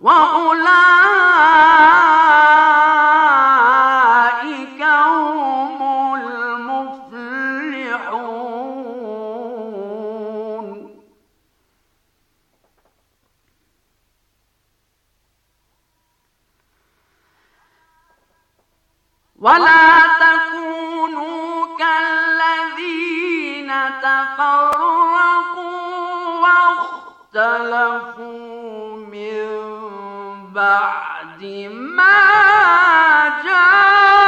وأولئك هم المفلحون ولا تكونوا كالذين تفرقوا واختلفوا من بعد ما جاء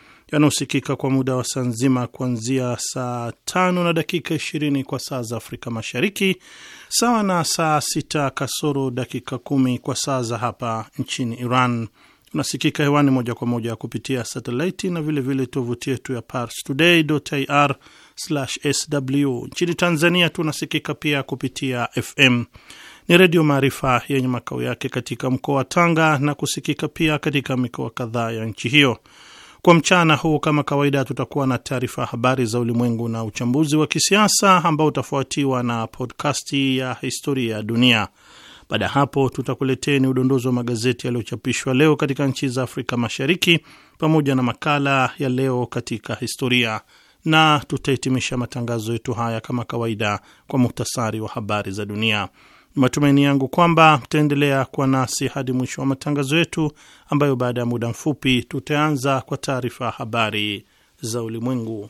yanaosikika kwa muda wa saa nzima kuanzia saa tano na dakika ishirini kwa saa za Afrika Mashariki, sawa na saa sita kasoro dakika kumi kwa saa za hapa nchini Iran. Tunasikika hewani moja kwa moja kupitia satelaiti na vilevile tovuti yetu ya parstoday.ir/sw. Nchini Tanzania tunasikika pia kupitia FM ni Redio Maarifa yenye makao yake katika mkoa wa Tanga na kusikika pia katika mikoa kadhaa ya nchi hiyo. Kwa mchana huu kama kawaida, tutakuwa na taarifa habari za ulimwengu na uchambuzi wa kisiasa ambao utafuatiwa na podkasti ya historia ya dunia. Baada ya hapo, tutakuleteni udondozi wa magazeti yaliyochapishwa leo katika nchi za Afrika Mashariki pamoja na makala ya leo katika historia, na tutahitimisha matangazo yetu haya kama kawaida kwa muhtasari wa habari za dunia. Matumaini yangu kwamba mtaendelea kuwa nasi hadi mwisho wa matangazo yetu, ambayo baada ya muda mfupi tutaanza kwa taarifa ya habari za ulimwengu.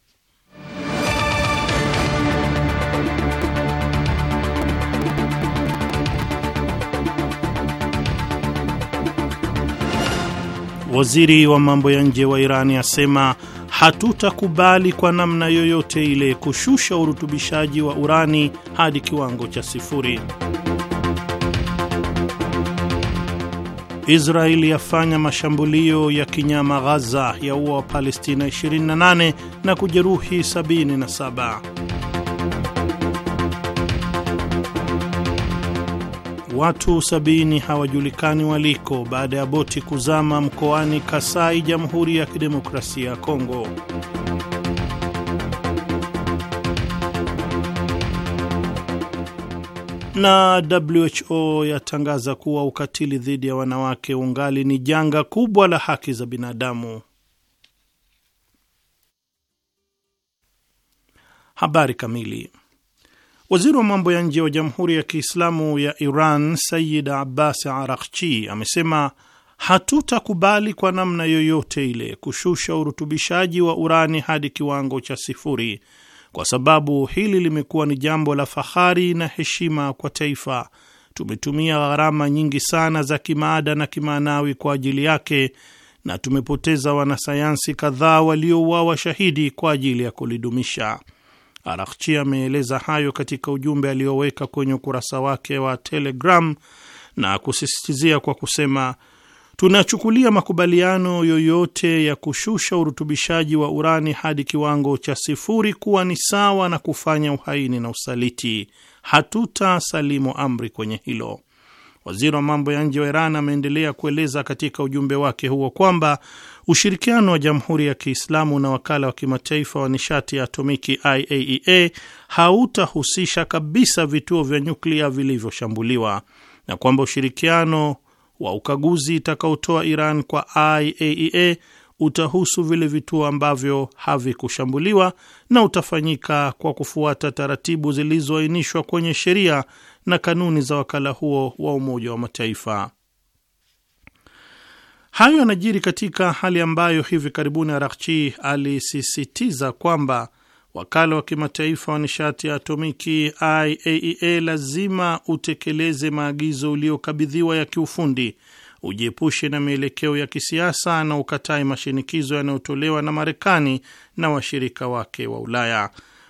Waziri wa mambo ya nje wa Irani asema hatutakubali kwa namna yoyote ile kushusha urutubishaji wa urani hadi kiwango cha sifuri. Israeli yafanya mashambulio ya kinyama Ghaza, yaua Wapalestina 28 na kujeruhi 77. watu sabini hawajulikani waliko baada ya boti kuzama mkoani Kasai, Jamhuri ya Kidemokrasia ya Kongo. na WHO yatangaza kuwa ukatili dhidi ya wanawake ungali ni janga kubwa la haki za binadamu. Habari kamili. Waziri wa mambo ya nje wa Jamhuri ya Kiislamu ya Iran Sayid Abbas arakchi amesema hatutakubali kwa namna yoyote ile kushusha urutubishaji wa urani hadi kiwango cha sifuri, kwa sababu hili limekuwa ni jambo la fahari na heshima kwa taifa. Tumetumia gharama nyingi sana za kimaada na kimaanawi kwa ajili yake na tumepoteza wanasayansi kadhaa waliouawa shahidi kwa ajili ya kulidumisha. Arakchi ameeleza hayo katika ujumbe alioweka kwenye ukurasa wake wa Telegram na kusisitizia kwa kusema, tunachukulia makubaliano yoyote ya kushusha urutubishaji wa urani hadi kiwango cha sifuri kuwa ni sawa na kufanya uhaini na usaliti. hatuta salimu amri kwenye hilo. Waziri wa mambo ya nje wa Iran ameendelea kueleza katika ujumbe wake huo kwamba ushirikiano wa Jamhuri ya Kiislamu na wakala wa kimataifa wa nishati ya atomiki IAEA e hautahusisha kabisa vituo vya nyuklia vilivyoshambuliwa na kwamba ushirikiano wa ukaguzi itakaotoa Iran kwa IAEA e utahusu vile vituo ambavyo havikushambuliwa na utafanyika kwa kufuata taratibu zilizoainishwa kwenye sheria na kanuni za wakala huo wa Umoja wa Mataifa. Hayo yanajiri katika hali ambayo hivi karibuni Arakchi alisisitiza kwamba wakala wa kimataifa wa nishati ya atomiki IAEA e lazima utekeleze maagizo uliokabidhiwa ya kiufundi, ujiepushe na mielekeo ya kisiasa na ukatae mashinikizo yanayotolewa na Marekani na washirika wake wa Ulaya.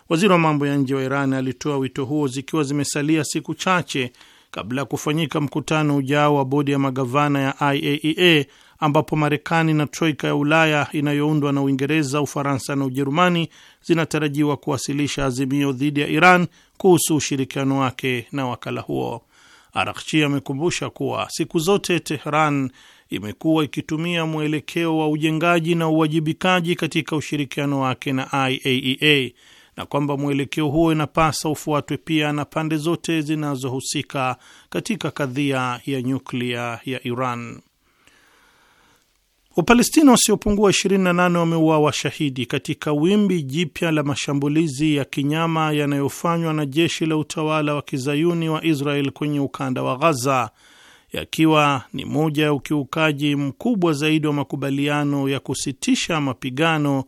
Waziri wa mambo ya nje wa Iran alitoa wito huo zikiwa zimesalia siku chache kabla ya kufanyika mkutano ujao wa bodi ya magavana ya IAEA e ambapo Marekani na troika ya Ulaya inayoundwa na Uingereza, Ufaransa na Ujerumani zinatarajiwa kuwasilisha azimio dhidi ya Iran kuhusu ushirikiano wake na wakala huo. Arakchi amekumbusha kuwa siku zote Tehran imekuwa ikitumia mwelekeo wa ujengaji na uwajibikaji katika ushirikiano wake na IAEA e na kwamba mwelekeo huo inapasa ufuatwe pia na pande zote zinazohusika katika kadhia ya nyuklia ya Iran. Wapalestina wasiopungua 28 wameuawa shahidi katika wimbi jipya la mashambulizi ya kinyama yanayofanywa na jeshi la utawala wa kizayuni wa Israel kwenye ukanda wa Ghaza, yakiwa ni moja ya ukiukaji mkubwa zaidi wa makubaliano ya kusitisha mapigano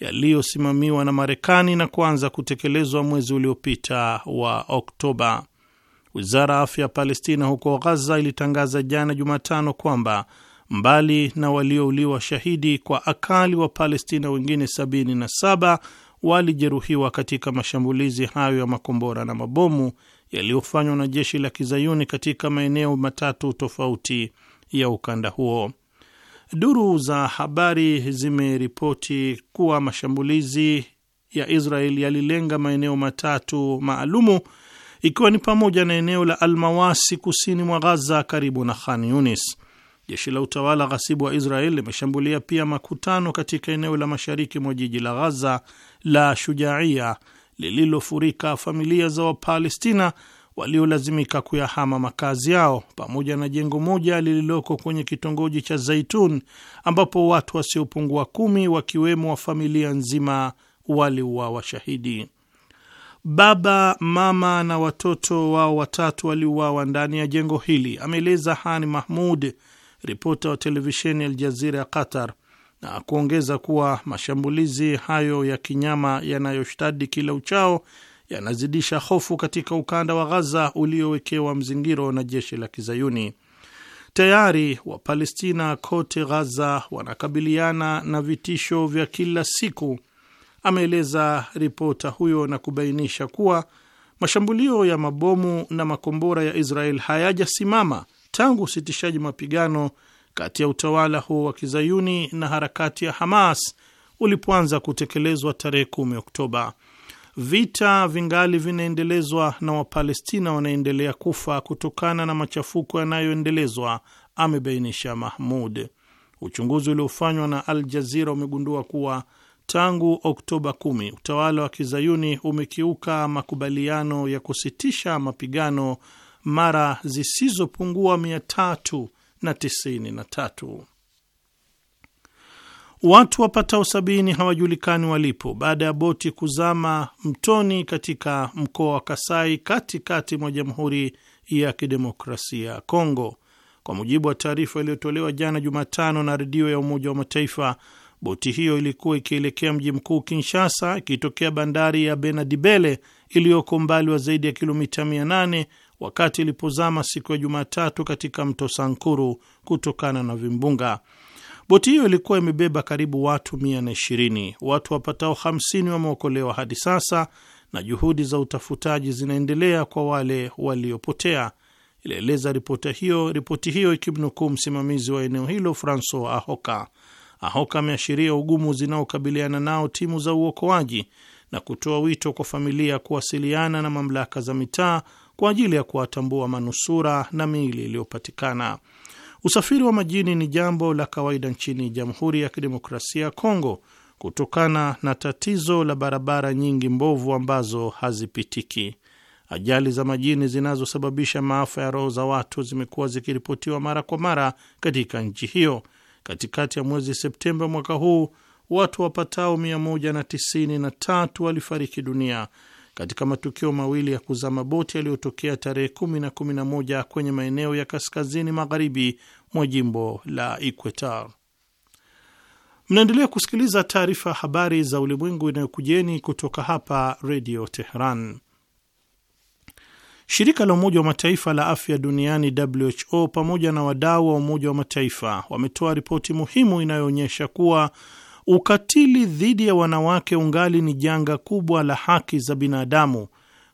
yaliyosimamiwa na Marekani na kuanza kutekelezwa mwezi uliopita wa Oktoba. Wizara ya afya ya Palestina huko Ghaza ilitangaza jana Jumatano kwamba mbali na waliouliwa shahidi kwa akali wa Palestina wengine 77 walijeruhiwa katika mashambulizi hayo ya makombora na mabomu yaliyofanywa na jeshi la kizayuni katika maeneo matatu tofauti ya ukanda huo. Duru za habari zimeripoti kuwa mashambulizi ya Israel yalilenga maeneo matatu maalumu ikiwa ni pamoja na eneo la Almawasi kusini mwa Ghaza karibu na Khan Yunis. Jeshi la utawala ghasibu wa Israel limeshambulia pia makutano katika eneo la mashariki mwa jiji la Ghaza la Shujaia lililofurika familia za Wapalestina waliolazimika kuyahama makazi yao pamoja na jengo moja lililoko kwenye kitongoji cha Zaitun ambapo watu wasiopungua kumi wakiwemo wa familia nzima waliuawa shahidi. Baba, mama na watoto wao watatu waliuawa ndani ya jengo hili, ameeleza Hani Mahmud, ripota wa televisheni Al Jazira ya Qatar, na kuongeza kuwa mashambulizi hayo ya kinyama yanayoshtadi kila uchao yanazidisha hofu katika ukanda wa Ghaza uliowekewa mzingiro na jeshi la Kizayuni. Tayari Wapalestina kote Ghaza wanakabiliana na vitisho vya kila siku, ameeleza ripota huyo na kubainisha kuwa mashambulio ya mabomu na makombora ya Israel hayajasimama tangu usitishaji mapigano kati ya utawala huo wa kizayuni na harakati ya Hamas ulipoanza kutekelezwa tarehe 10 Oktoba. Vita vingali vinaendelezwa na Wapalestina wanaendelea kufa kutokana na machafuko yanayoendelezwa, amebainisha Mahmud. Uchunguzi uliofanywa na Al Jazira umegundua kuwa tangu Oktoba 10 utawala wa kizayuni umekiuka makubaliano ya kusitisha mapigano mara zisizopungua 393. Watu wapatao sabini hawajulikani walipo baada ya boti kuzama mtoni katika mkoa wa Kasai katikati mwa Jamhuri ya Kidemokrasia ya Kongo. Kwa mujibu wa taarifa iliyotolewa jana Jumatano na redio ya Umoja wa Mataifa, boti hiyo ilikuwa ikielekea mji mkuu Kinshasa, ikitokea bandari ya Benadibele iliyoko mbali wa zaidi ya kilomita 800 wakati ilipozama siku ya Jumatatu katika mto Sankuru kutokana na vimbunga. Boti hiyo ilikuwa imebeba karibu watu 120. Watu wapatao 50 wameokolewa hadi sasa na juhudi za utafutaji zinaendelea kwa wale waliopotea, ilieleza ripoti hiyo, ripoti hiyo ikimnukuu msimamizi wa eneo hilo Francois Ahoka. Ahoka ameashiria ugumu zinaokabiliana nao timu za uokoaji na kutoa wito kwa familia kuwasiliana na mamlaka za mitaa kwa ajili ya kuwatambua manusura na miili iliyopatikana. Usafiri wa majini ni jambo la kawaida nchini Jamhuri ya Kidemokrasia ya Kongo kutokana na tatizo la barabara nyingi mbovu ambazo hazipitiki. Ajali za majini zinazosababisha maafa ya roho za watu zimekuwa zikiripotiwa mara kwa mara katika nchi hiyo. Katikati ya mwezi Septemba mwaka huu watu wapatao 193 walifariki dunia katika matukio mawili ya kuzama boti yaliyotokea tarehe 10 na 11 kwenye maeneo ya kaskazini magharibi mwa jimbo la Equateur. Mnaendelea kusikiliza taarifa ya habari za ulimwengu inayokujeni kutoka hapa Redio Teheran. Shirika la Umoja wa Mataifa la afya duniani WHO pamoja na wadau wa Umoja wa Mataifa wametoa ripoti muhimu inayoonyesha kuwa Ukatili dhidi ya wanawake ungali ni janga kubwa la haki za binadamu,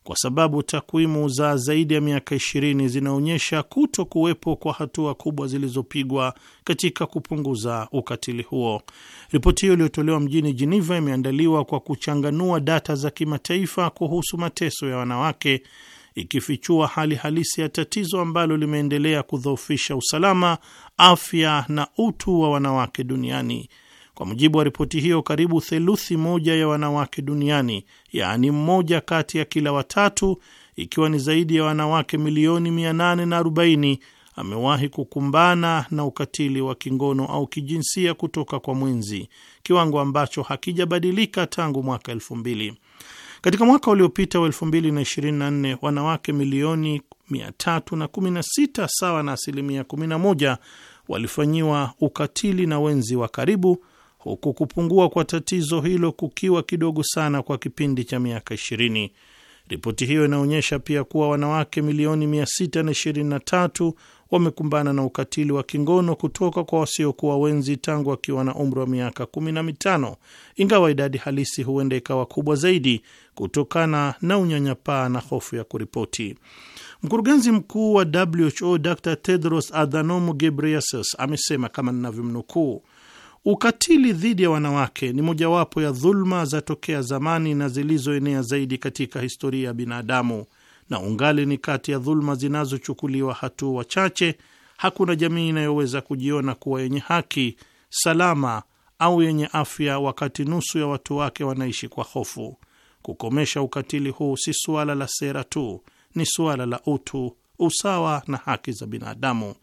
kwa sababu takwimu za zaidi ya miaka 20 zinaonyesha kuto kuwepo kwa hatua kubwa zilizopigwa katika kupunguza ukatili huo. Ripoti hiyo iliyotolewa mjini Geneva imeandaliwa kwa kuchanganua data za kimataifa kuhusu mateso ya wanawake, ikifichua hali halisi ya tatizo ambalo limeendelea kudhoofisha usalama, afya na utu wa wanawake duniani. Kwa mujibu wa ripoti hiyo, karibu theluthi moja ya wanawake duniani, yaani mmoja kati ya kila watatu, ikiwa ni zaidi ya wanawake milioni 840 amewahi kukumbana na ukatili wa kingono au kijinsia kutoka kwa mwenzi, kiwango ambacho hakijabadilika tangu mwaka elfu mbili. Katika mwaka uliopita wa 2024 wanawake milioni 316 sawa na asilimia 11 walifanyiwa ukatili na wenzi wa karibu huku kupungua kwa tatizo hilo kukiwa kidogo sana kwa kipindi cha miaka 20. Ripoti hiyo inaonyesha pia kuwa wanawake milioni 623 wamekumbana na ukatili wa kingono kutoka kwa wasiokuwa wenzi tangu wakiwa na umri wa miaka 15, ingawa idadi halisi huenda ikawa kubwa zaidi kutokana na unyanyapaa na hofu ya kuripoti. Mkurugenzi mkuu wa WHO Dr Tedros Adhanom Ghebreyesus amesema kama ninavyomnukuu Ukatili dhidi ya wanawake ni mojawapo ya dhuluma za tokea zamani na zilizoenea zaidi katika historia ya binadamu, na ungali ni kati ya dhuluma zinazochukuliwa hatua chache. Hakuna jamii inayoweza kujiona kuwa yenye haki, salama au yenye afya wakati nusu ya watu wake wanaishi kwa hofu. Kukomesha ukatili huu si suala la sera tu, ni suala la utu, usawa na haki za binadamu.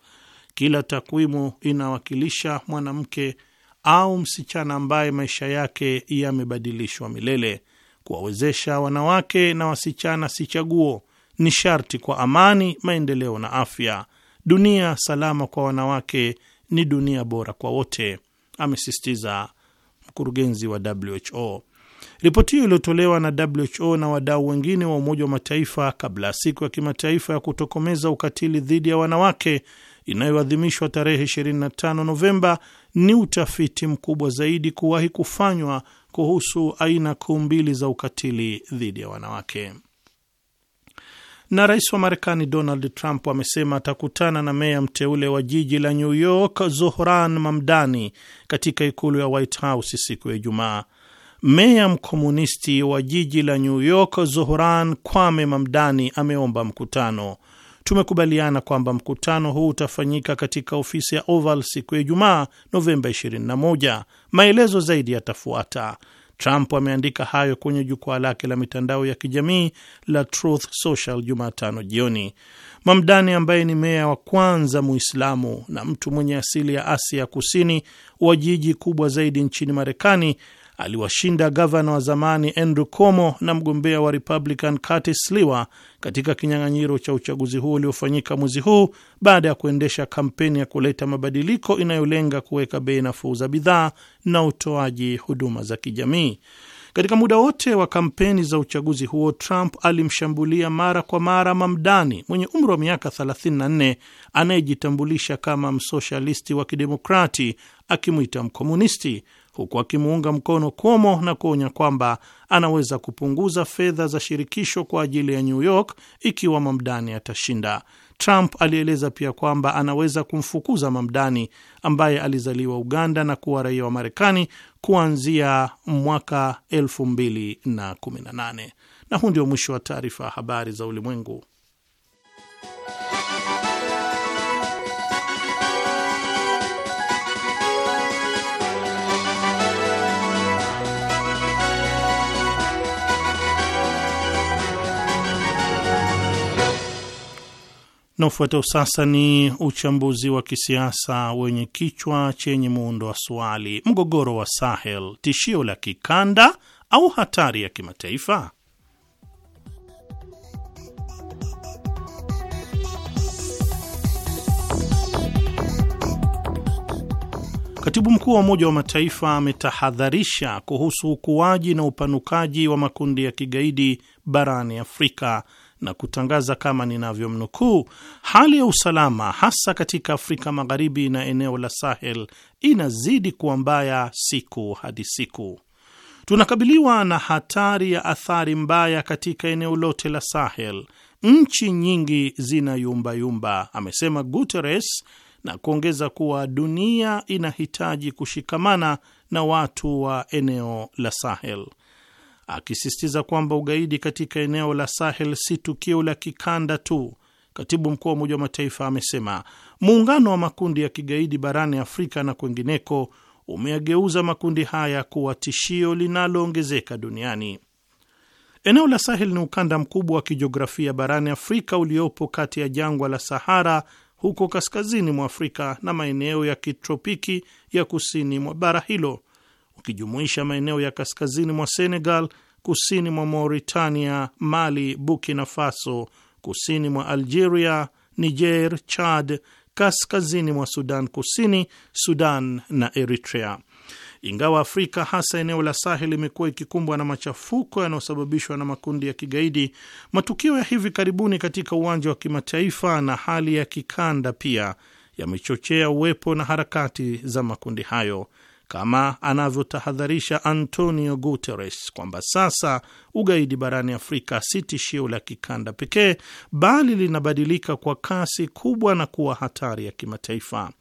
Kila takwimu inawakilisha mwanamke au msichana ambaye maisha yake yamebadilishwa milele. Kuwawezesha wanawake na wasichana si chaguo, ni sharti kwa amani, maendeleo na afya. Dunia salama kwa wanawake ni dunia bora kwa wote, amesisitiza mkurugenzi wa WHO. Ripoti hiyo iliyotolewa na WHO na wadau wengine wa Umoja wa Mataifa kabla ya siku ya kimataifa ya kutokomeza ukatili dhidi ya wanawake inayoadhimishwa tarehe 25 Novemba ni utafiti mkubwa zaidi kuwahi kufanywa kuhusu aina kuu mbili za ukatili dhidi ya wanawake. Na rais wa Marekani Donald Trump amesema atakutana na meya mteule wa jiji la New York Zohran Mamdani katika ikulu ya White House siku ya Ijumaa. Meya mkomunisti wa jiji la New York Zohran Kwame Mamdani ameomba mkutano tumekubaliana kwamba mkutano huu utafanyika katika ofisi ya Oval siku ya Ijumaa, Novemba 21. Maelezo zaidi yatafuata. Trump ameandika hayo kwenye jukwaa lake la mitandao ya kijamii la Truth Social Jumatano jioni. Mamdani ambaye ni meya wa kwanza Muislamu na mtu mwenye asili ya Asia Kusini wa jiji kubwa zaidi nchini Marekani aliwashinda gavana wa zamani Andrew Cuomo na mgombea wa Republican Curtis Sliwa katika kinyang'anyiro cha uchaguzi huo uliofanyika mwezi huu baada ya kuendesha kampeni ya kuleta mabadiliko inayolenga kuweka bei nafuu za bidhaa na utoaji huduma za kijamii. Katika muda wote wa kampeni za uchaguzi huo, Trump alimshambulia mara kwa mara Mamdani mwenye umri wa miaka 34 anayejitambulisha kama msoshalisti wa kidemokrati akimwita mkomunisti huku akimuunga mkono Cuomo na kuonya kwamba anaweza kupunguza fedha za shirikisho kwa ajili ya New York ikiwa Mamdani atashinda. Trump alieleza pia kwamba anaweza kumfukuza Mamdani ambaye alizaliwa Uganda na kuwa raia wa Marekani kuanzia mwaka 2018. Na huu ndio mwisho wa taarifa ya habari za ulimwengu. Na ufuatao sasa ni uchambuzi wa kisiasa wenye kichwa chenye muundo wa swali: mgogoro wa Sahel, tishio la kikanda au hatari ya kimataifa? Katibu mkuu wa Umoja wa Mataifa ametahadharisha kuhusu ukuaji na upanukaji wa makundi ya kigaidi barani Afrika na kutangaza kama ninavyomnukuu, hali ya usalama hasa katika Afrika Magharibi na eneo la Sahel inazidi kuwa mbaya siku hadi siku. Tunakabiliwa na hatari ya athari mbaya katika eneo lote la Sahel. Nchi nyingi zina yumbayumba, amesema Guterres na kuongeza kuwa dunia inahitaji kushikamana na watu wa eneo la Sahel akisisitiza kwamba ugaidi katika eneo la Sahel si tukio la kikanda tu. Katibu mkuu wa Umoja wa Mataifa amesema muungano wa makundi ya kigaidi barani Afrika na kwengineko umeageuza makundi haya kuwa tishio linaloongezeka duniani. Eneo la Sahel ni ukanda mkubwa wa kijiografia barani Afrika uliopo kati ya jangwa la Sahara huko kaskazini mwa Afrika na maeneo ya kitropiki ya kusini mwa bara hilo ukijumuisha maeneo ya kaskazini mwa Senegal, kusini mwa Mauritania, Mali, Burkina Faso, kusini mwa Algeria, Niger, Chad, kaskazini mwa Sudan Kusini, Sudan na Eritrea. Ingawa Afrika hasa eneo la Sahel imekuwa ikikumbwa na machafuko yanayosababishwa na makundi ya kigaidi, matukio ya hivi karibuni katika uwanja wa kimataifa na hali ya kikanda pia yamechochea uwepo na harakati za makundi hayo kama anavyotahadharisha Antonio Guterres kwamba sasa ugaidi barani Afrika si tishio la kikanda pekee, bali linabadilika kwa kasi kubwa na kuwa hatari ya kimataifa.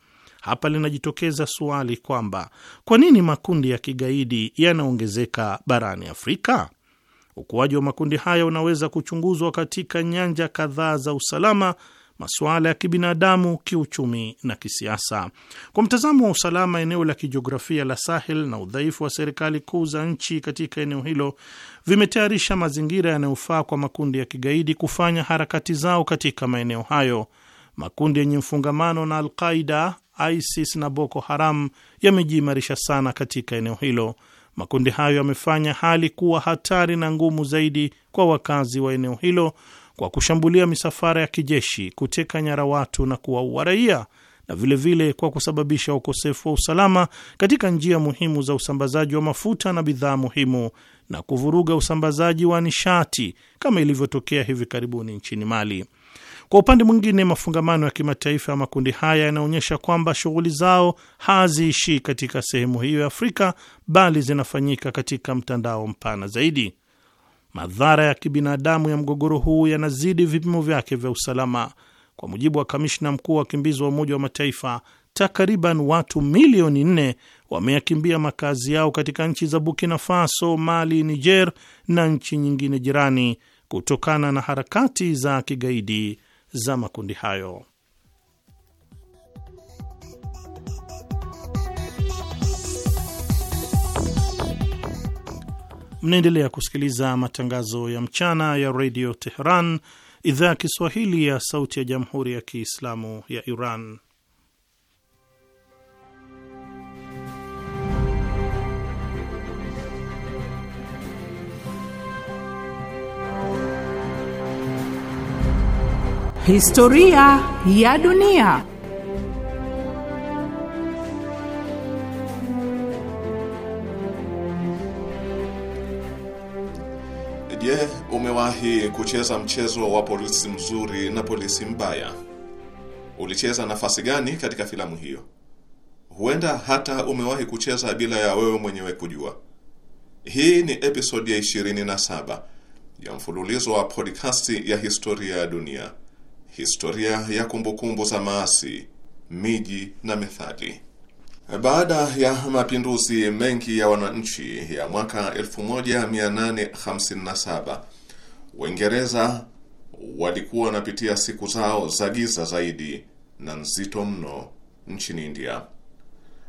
Hapa linajitokeza suali kwamba kwa nini makundi ya kigaidi yanaongezeka barani Afrika? Ukuaji wa makundi haya unaweza kuchunguzwa katika nyanja kadhaa za usalama masuala ya kibinadamu, kiuchumi na kisiasa. Kwa mtazamo wa usalama, eneo la kijiografia la Sahel na udhaifu wa serikali kuu za nchi katika eneo hilo vimetayarisha mazingira yanayofaa kwa makundi ya kigaidi kufanya harakati zao katika maeneo hayo. Makundi yenye mfungamano na Alqaida, ISIS na Boko Haram yamejiimarisha sana katika eneo hilo. Makundi hayo yamefanya hali kuwa hatari na ngumu zaidi kwa wakazi wa eneo hilo kwa kushambulia misafara ya kijeshi, kuteka nyara watu na kuwaua raia na vilevile vile kwa kusababisha ukosefu wa usalama katika njia muhimu za usambazaji wa mafuta na bidhaa muhimu na kuvuruga usambazaji wa nishati kama ilivyotokea hivi karibuni nchini Mali. Kwa upande mwingine, mafungamano ya kimataifa ya makundi haya yanaonyesha kwamba shughuli zao haziishii katika sehemu hiyo ya Afrika bali zinafanyika katika mtandao mpana zaidi. Madhara ya kibinadamu ya mgogoro huu yanazidi vipimo vyake vya usalama. Kwa mujibu wa kamishna mkuu wa wakimbizi wa Umoja wa Mataifa, takriban watu milioni nne wameyakimbia makazi yao katika nchi za Burkina Faso, Mali, Niger na nchi nyingine jirani kutokana na harakati za kigaidi za makundi hayo. Mnaendelea kusikiliza matangazo ya mchana ya redio Teheran, idhaa ya Kiswahili ya sauti ya jamhuri ya Kiislamu ya Iran. Historia ya dunia. Je, umewahi kucheza mchezo wa polisi mzuri na polisi mbaya? Ulicheza nafasi gani katika filamu hiyo? Huenda hata umewahi kucheza bila ya wewe mwenyewe kujua. Hii ni episodi ya 27 ya mfululizo wa podcasti ya historia ya dunia, historia ya kumbukumbu za maasi, miji na methali. Baada ya mapinduzi mengi ya wananchi ya mwaka 1857 Waingereza walikuwa wanapitia siku zao za giza zaidi na nzito mno nchini India.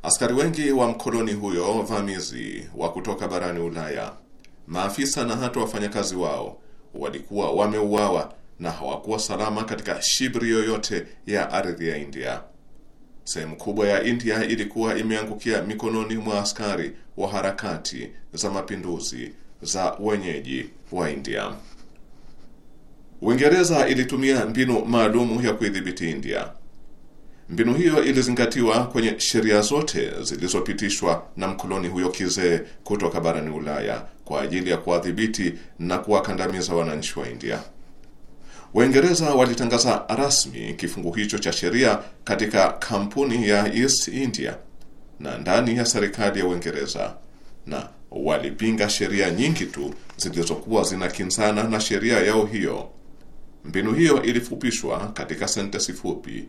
Askari wengi wa mkoloni huyo vamizi wa kutoka barani Ulaya, maafisa na hata wafanyakazi wao walikuwa wameuawa na hawakuwa salama katika shibri yoyote ya ardhi ya India. Sehemu kubwa ya India ilikuwa imeangukia mikononi mwa askari wa harakati za mapinduzi za wenyeji wa India. Uingereza ilitumia mbinu maalumu ya kuidhibiti India. Mbinu hiyo ilizingatiwa kwenye sheria zote zilizopitishwa na mkoloni huyo kizee kutoka barani Ulaya kwa ajili ya kuwadhibiti na kuwakandamiza wananchi wa India. Waingereza walitangaza rasmi kifungu hicho cha sheria katika kampuni ya East India na ndani ya serikali ya Uingereza, na walipinga sheria nyingi tu zilizokuwa zinakinzana na sheria yao hiyo. Mbinu hiyo ilifupishwa katika sentensi fupi,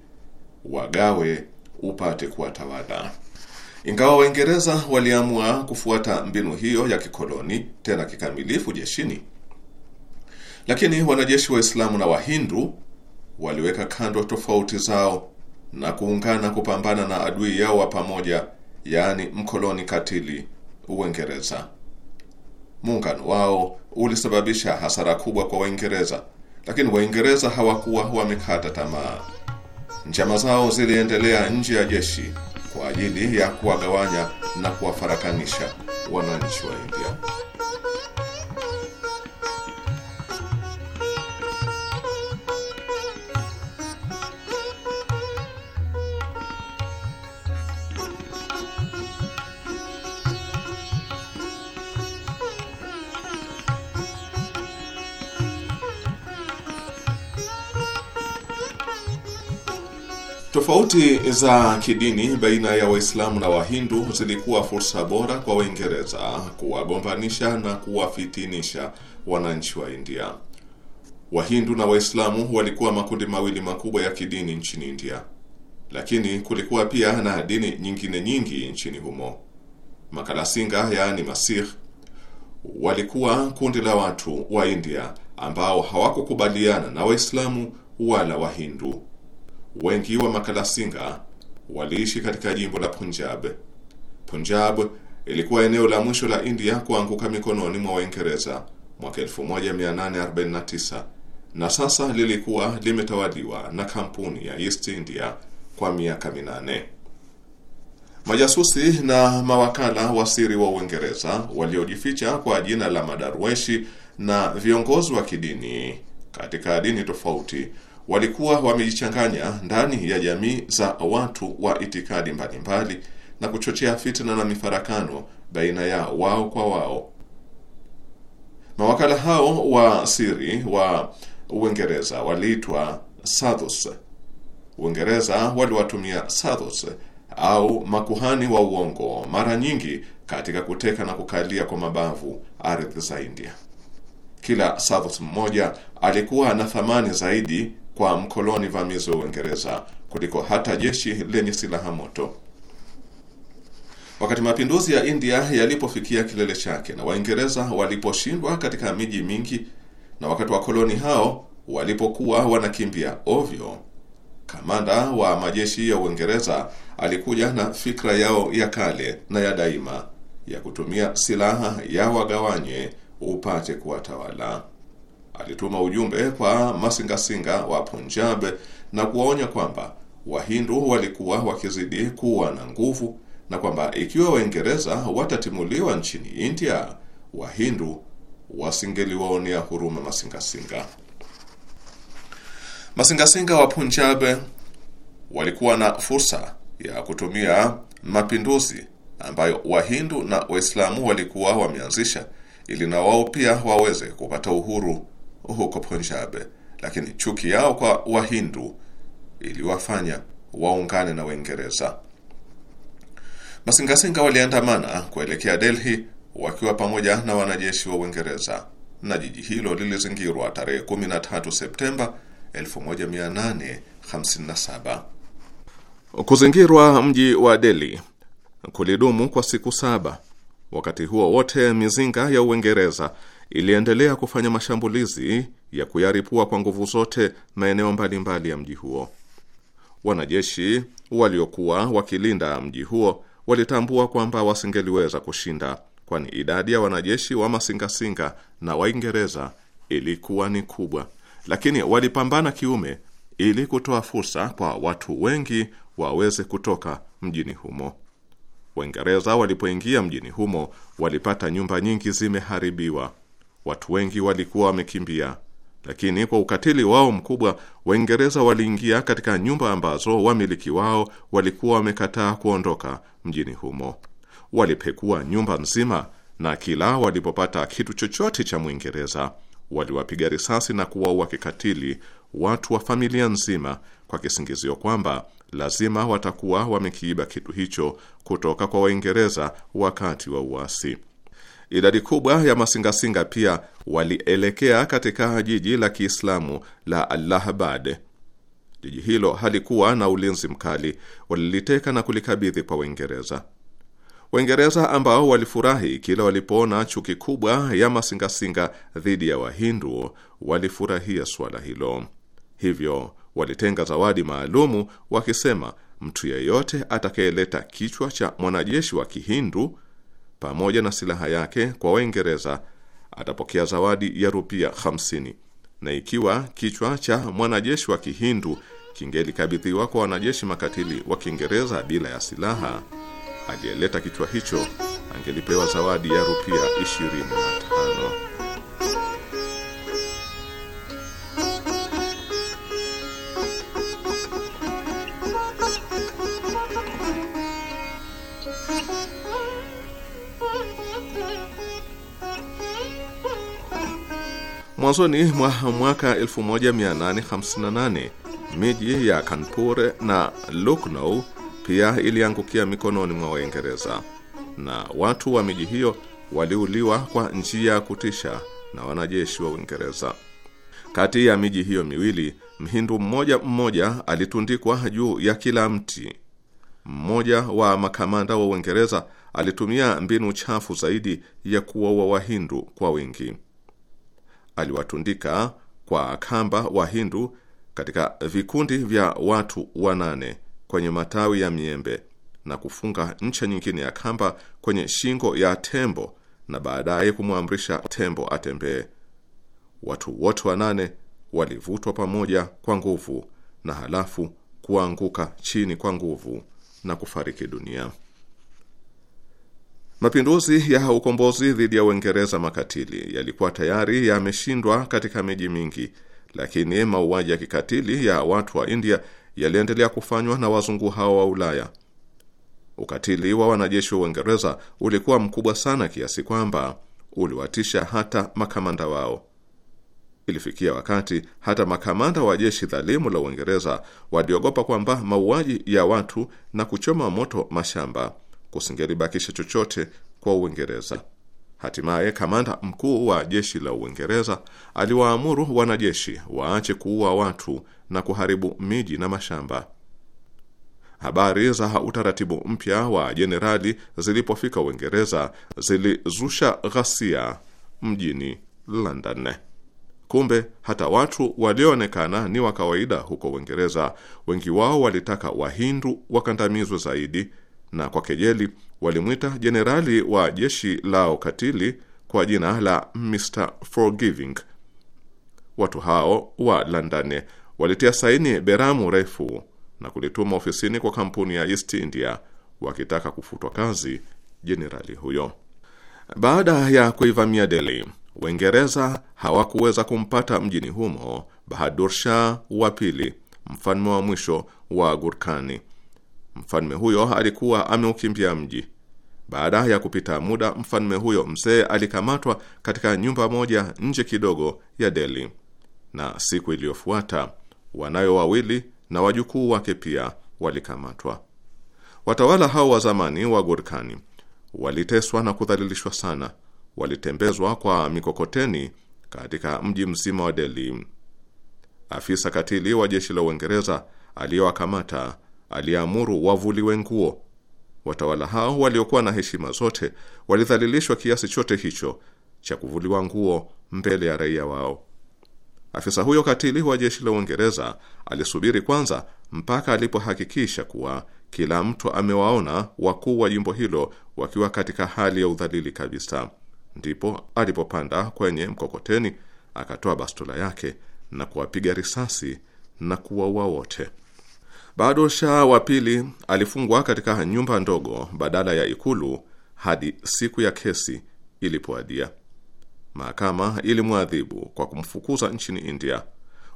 wagawe upate kuwatawala. Ingawa Waingereza waliamua kufuata mbinu hiyo ya kikoloni tena kikamilifu jeshini, lakini wanajeshi Waislamu na Wahindu waliweka kando tofauti zao na kuungana kupambana na adui yao wa pamoja, yaani mkoloni katili Uingereza. Muungano wao ulisababisha hasara kubwa kwa Waingereza, lakini Waingereza hawakuwa wamekata tamaa. Njama zao ziliendelea nje ya jeshi kwa ajili ya kuwagawanya na kuwafarakanisha wananchi wa India. Tofauti za kidini baina ya Waislamu na Wahindu zilikuwa fursa bora kwa Waingereza kuwagombanisha na kuwafitinisha wananchi wa India. Wahindu na Waislamu walikuwa makundi mawili makubwa ya kidini nchini India, lakini kulikuwa pia na dini nyingine nyingi nchini humo. Makalasinga, yaani Masikh, walikuwa kundi la watu wa India ambao hawakukubaliana na Waislamu wala Wahindu. Wengi wa Makalasinga waliishi katika jimbo la Punjab. Punjab ilikuwa eneo la mwisho la India kuanguka mikononi mwa Waingereza mwaka 1849 na sasa lilikuwa limetawaliwa na kampuni ya East India kwa miaka minane. Majasusi na mawakala wa siri wa Uingereza waliojificha kwa jina la madarweshi na viongozi wa kidini katika dini tofauti walikuwa wamejichanganya ndani ya jamii za watu wa itikadi mbalimbali na kuchochea fitna na mifarakano baina ya wao kwa wao. Mawakala hao wa siri wa Uingereza waliitwa Sathos. Uingereza waliwatumia Sathos au makuhani wa uongo mara nyingi katika kuteka na kukalia kwa mabavu ardhi za India. Kila Sathos mmoja alikuwa na thamani zaidi kwa mkoloni vamizi wa Uingereza kuliko hata jeshi lenye silaha moto. Wakati mapinduzi ya India yalipofikia kilele chake na Waingereza waliposhindwa katika miji mingi na wakati wakoloni hao walipokuwa wanakimbia ovyo, kamanda wa majeshi ya Uingereza alikuja na fikra yao ya kale na ya daima ya kutumia silaha ya wagawanye upate kuwatawala alituma ujumbe kwa masingasinga wa Punjab na kuwaonya kwamba Wahindu walikuwa wakizidi kuwa na nguvu na kwamba ikiwa Waingereza watatimuliwa nchini India, Wahindu wasingeliwaonea huruma masingasinga. Masingasinga wa Punjab walikuwa na fursa ya kutumia mapinduzi ambayo Wahindu na Waislamu walikuwa wameanzisha ili na wao pia waweze kupata uhuru huko Punjab, lakini chuki yao kwa Wahindu iliwafanya waungane na Waingereza. Masingasinga waliandamana kuelekea Delhi wakiwa pamoja na wanajeshi wa Uingereza, na jiji hilo lilizingirwa tarehe 13 Septemba 1857. Kuzingirwa mji wa Delhi kulidumu kwa siku saba. Wakati huo wote mizinga ya Uingereza iliendelea kufanya mashambulizi ya kuyaripua kwa nguvu zote maeneo mbalimbali ya mji huo. Wanajeshi waliokuwa wakilinda mji huo walitambua kwamba wasingeliweza kushinda, kwani idadi ya wanajeshi wa Masingasinga na Waingereza ilikuwa ni kubwa, lakini walipambana kiume ili kutoa fursa kwa watu wengi waweze kutoka mjini humo. Waingereza walipoingia mjini humo walipata nyumba nyingi zimeharibiwa Watu wengi walikuwa wamekimbia, lakini kwa ukatili wao mkubwa Waingereza waliingia katika nyumba ambazo wamiliki wao walikuwa wamekataa kuondoka mjini humo. Walipekua nyumba nzima na kila walipopata kitu chochote cha Mwingereza waliwapiga risasi na kuwaua kikatili watu wa familia nzima kwa kisingizio kwamba lazima watakuwa wamekiiba kitu hicho kutoka kwa Waingereza wakati wa uasi. Idadi kubwa ya masingasinga pia walielekea katika jiji la Kiislamu la Allahabad. Jiji hilo halikuwa na ulinzi mkali, waliliteka na kulikabidhi kwa Waingereza. Waingereza ambao walifurahi kila walipoona chuki kubwa ya masingasinga dhidi ya Wahindu walifurahia suala hilo, hivyo walitenga zawadi maalumu wakisema, mtu yeyote atakayeleta kichwa cha mwanajeshi wa Kihindu pamoja na silaha yake kwa Waingereza atapokea zawadi ya rupia 50 na ikiwa kichwa cha mwanajeshi wa Kihindu kingelikabidhiwa kwa wanajeshi makatili wa Kiingereza bila ya silaha, aliyeleta kichwa hicho angelipewa zawadi ya rupia 25. Mwanzoni mwa mwaka 1858 miji ya Kanpur na Lucknow pia iliangukia mikononi mwa Waingereza na watu wa miji hiyo waliuliwa kwa njia ya kutisha na wanajeshi wa Uingereza. Kati ya miji hiyo miwili, Mhindu mmoja mmoja alitundikwa juu ya kila mti. Mmoja wa makamanda wa Uingereza alitumia mbinu chafu zaidi ya kuwaua Wahindu kwa wingi aliwatundika kwa kamba Wahindu katika vikundi vya watu wanane kwenye matawi ya miembe na kufunga ncha nyingine ya kamba kwenye shingo ya tembo na baadaye kumwamrisha tembo atembee. Watu wote wanane walivutwa pamoja kwa nguvu na halafu kuanguka chini kwa nguvu na kufariki dunia. Mapinduzi ya ukombozi dhidi ya Uingereza makatili yalikuwa tayari yameshindwa katika miji mingi, lakini mauaji ya kikatili ya watu wa India yaliendelea kufanywa na wazungu hao wa Ulaya. Ukatili wa wanajeshi wa Uingereza ulikuwa mkubwa sana kiasi kwamba uliwatisha hata makamanda wao. Ilifikia wakati hata makamanda wa jeshi dhalimu la Uingereza waliogopa kwamba mauaji ya watu na kuchoma moto mashamba kusingeribakisha chochote kwa Uingereza. Hatimaye kamanda mkuu wa jeshi la Uingereza aliwaamuru wanajeshi waache kuua watu na kuharibu miji na mashamba. Habari za utaratibu mpya wa jenerali zilipofika Uingereza zilizusha ghasia mjini London. Kumbe hata watu walioonekana ni wa kawaida huko Uingereza, wengi wao walitaka Wahindu wakandamizwe zaidi na kwa kejeli walimwita jenerali wa jeshi lao katili kwa jina la Mr Forgiving. Watu hao wa London walitia saini beramu refu na kulituma ofisini kwa kampuni ya East India wakitaka kufutwa kazi jenerali huyo. Baada ya kuivamia Delhi, Waingereza hawakuweza kumpata mjini humo Bahadur Shah wa pili, mfalme wa mwisho wa Gurkani Mfalme huyo alikuwa ameukimbia mji. Baada ya kupita muda, mfalme huyo mzee alikamatwa katika nyumba moja nje kidogo ya Delhi, na siku iliyofuata wanayo wawili na wajukuu wake pia walikamatwa. Watawala hao wa zamani wa Gurkani waliteswa na kudhalilishwa sana. Walitembezwa kwa mikokoteni katika mji mzima wa Delhi. Afisa katili wa jeshi la Uingereza aliyowakamata aliamuru wavuliwe nguo. Watawala hao waliokuwa na heshima zote walidhalilishwa kiasi chote hicho cha kuvuliwa nguo mbele ya raia wao. Afisa huyo katili wa jeshi la Uingereza alisubiri kwanza mpaka alipohakikisha kuwa kila mtu amewaona wakuu wa jimbo hilo wakiwa katika hali ya udhalili kabisa. Ndipo alipopanda kwenye mkokoteni akatoa bastola yake na kuwapiga risasi na kuwaua wote. Bado Shah wa pili alifungwa katika nyumba ndogo badala ya ikulu hadi siku ya kesi ilipoadia. Mahakama ilimwadhibu kwa kumfukuza nchini India.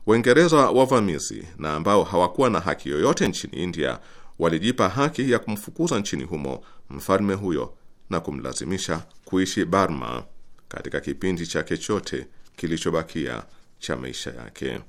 Waingereza wavamizi na ambao hawakuwa na haki yoyote nchini India walijipa haki ya kumfukuza nchini humo mfalme huyo na kumlazimisha kuishi Burma katika kipindi chake chote kilichobakia cha maisha yake.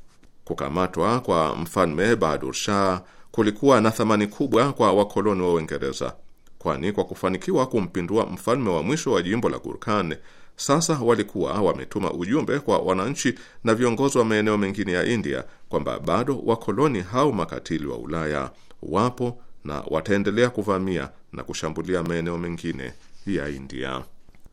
Kukamatwa kwa mfalme Bahadur Shah kulikuwa na thamani kubwa kwa wakoloni wa Uingereza, kwani kwa kufanikiwa kumpindua mfalme wa mwisho wa jimbo la gurkan sasa walikuwa wametuma ujumbe kwa wananchi na viongozi wa maeneo mengine ya India kwamba bado wakoloni hao makatili wa Ulaya wapo na wataendelea kuvamia na kushambulia maeneo mengine ya India.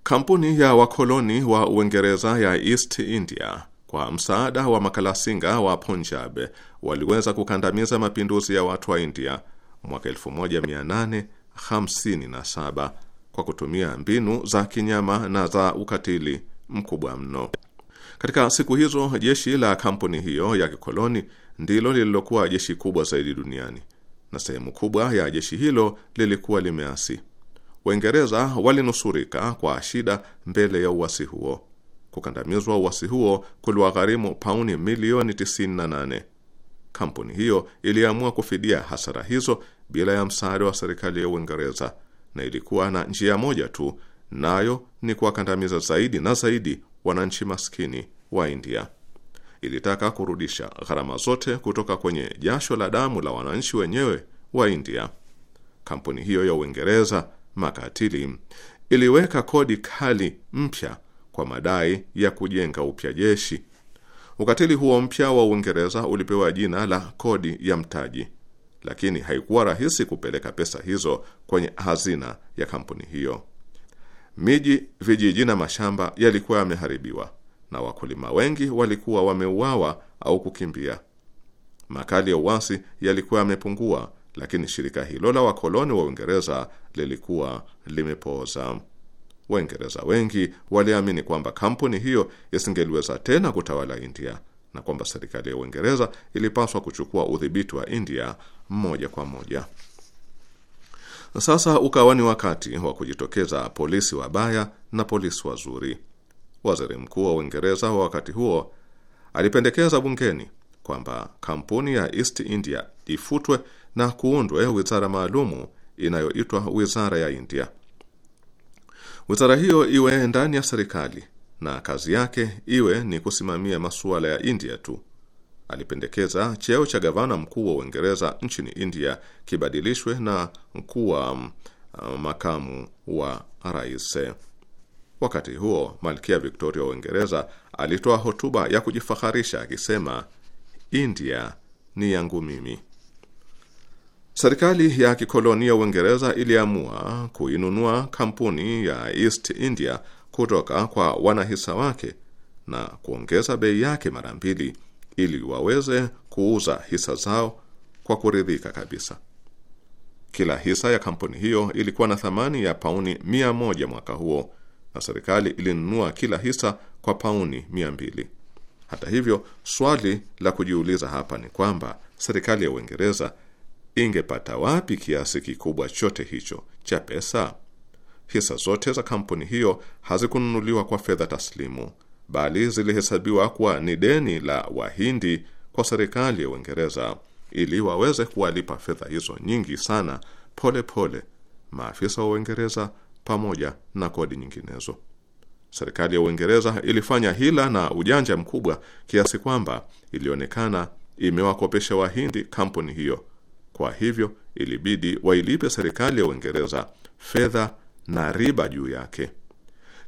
Kampuni ya wakoloni wa Uingereza ya East India kwa msaada wa makalasinga wa Punjab waliweza kukandamiza mapinduzi ya watu wa India mwaka 1857 kwa kutumia mbinu za kinyama na za ukatili mkubwa mno. Katika siku hizo jeshi la kampuni hiyo ya kikoloni ndilo lililokuwa jeshi kubwa zaidi duniani, na sehemu kubwa ya jeshi hilo lilikuwa limeasi. Waingereza walinusurika kwa shida mbele ya uasi huo. Kukandamizwa uasi huo kuliwagharimu pauni milioni 98 kampuni hiyo iliamua kufidia hasara hizo bila ya msaada wa serikali ya Uingereza, na ilikuwa na njia moja tu, nayo ni kuwakandamiza zaidi na zaidi wananchi maskini wa India. Ilitaka kurudisha gharama zote kutoka kwenye jasho la damu la wananchi wenyewe wa India. Kampuni hiyo ya Uingereza makatili iliweka kodi kali mpya kwa madai ya kujenga upya jeshi Ukatili huo mpya wa Uingereza ulipewa jina la kodi ya mtaji, lakini haikuwa rahisi kupeleka pesa hizo kwenye hazina ya kampuni hiyo. Miji, vijiji na mashamba yalikuwa yameharibiwa na wakulima wengi walikuwa wameuawa au kukimbia. Makali ya uasi yalikuwa yamepungua, lakini shirika hilo la wakoloni wa Uingereza lilikuwa limepooza. Waingereza wengi waliamini kwamba kampuni hiyo isingeliweza tena kutawala India na kwamba serikali ya Uingereza ilipaswa kuchukua udhibiti wa India moja kwa moja. Sasa ukawa ni wakati wa kujitokeza polisi wabaya na polisi wazuri. Waziri Mkuu wa Uingereza wa wakati huo alipendekeza bungeni kwamba kampuni ya East India ifutwe na kuundwe wizara maalumu inayoitwa Wizara ya India. Wizara hiyo iwe ndani ya serikali na kazi yake iwe ni kusimamia masuala ya India tu. Alipendekeza cheo cha gavana mkuu wa Uingereza nchini India kibadilishwe na kuwa uh, makamu wa rais. Wakati huo Malkia Victoria wa Uingereza alitoa hotuba ya kujifaharisha akisema, India ni yangu mimi. Serikali ya kikoloni ya Uingereza iliamua kuinunua kampuni ya East India kutoka kwa wanahisa wake na kuongeza bei yake mara mbili ili waweze kuuza hisa zao kwa kuridhika kabisa. Kila hisa ya kampuni hiyo ilikuwa na thamani ya pauni mia moja mwaka huo na serikali ilinunua kila hisa kwa pauni mia mbili. Hata hivyo, swali la kujiuliza hapa ni kwamba serikali ya Uingereza ingepata wapi kiasi kikubwa chote hicho cha pesa? Hisa zote za kampuni hiyo hazikununuliwa kwa fedha taslimu, bali zilihesabiwa kuwa ni deni la Wahindi kwa serikali ya Uingereza ili waweze kuwalipa fedha hizo nyingi sana polepole pole, maafisa wa Uingereza pamoja na kodi nyinginezo. Serikali ya Uingereza ilifanya hila na ujanja mkubwa kiasi kwamba ilionekana imewakopesha Wahindi kampuni hiyo kwa hivyo ilibidi wailipe serikali ya Uingereza fedha na riba juu yake.